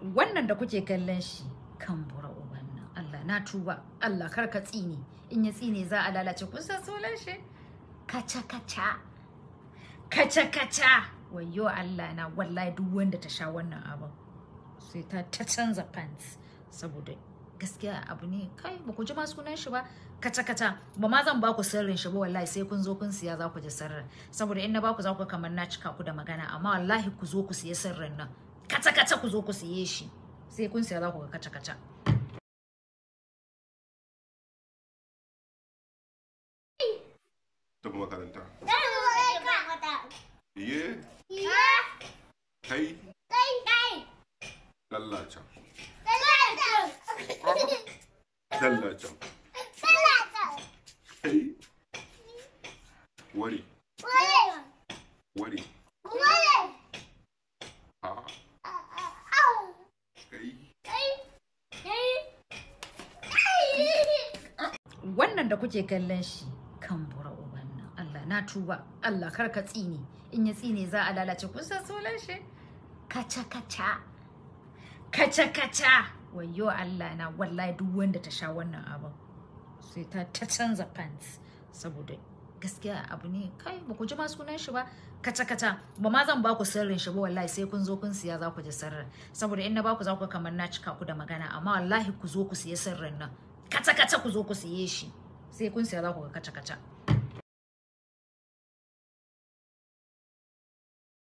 wannan da kuke kallon shi kan bura uban nan Allah na tuba Allah kar ka tsine in ya tsine za a lalace kun san sunan shi kaca kaca kaca kaca wayo Allah na wallahi duk wanda ta sha wannan abin sai ta ta canza pants saboda gaskiya abu ne kai ba ku ji ma sunan shi ba kaca kaca ba ma zan baku sirrin shi ba wallahi sai kun zo kun siya za ku ji sirrin saboda in na baku za ku kamar na cika ku da magana amma wallahi ku zo ku siya sirrin nan kaca-kaca ku zo ku saye shi sai kun saya za ku ga kaca-kaca tafi makaranta iye kai kai lallacin lallacin kai wari wari wannan da kuke kallon shi kan bura uban nan Allah na tuba Allah kar ka tsine in ya tsine za a lalace kun san sunan shi kaca kaca kaca kaca wayo Allah na wallahi duk wanda ta sha wannan abin sai ta ta canza pants saboda gaskiya abu ne kai ba ku ji ma sunan shi ba kaca kaca ba ma zan ba ku sirrin shi ba wallahi sai kun zo kun siya za ku ji sirrin saboda in na ba ku za ku kamar na cika ku da magana amma wallahi ku zo ku siya sirrin nan kaca kaca ku zo ku siye shi 水管是拉火的，咔嚓咔嚓。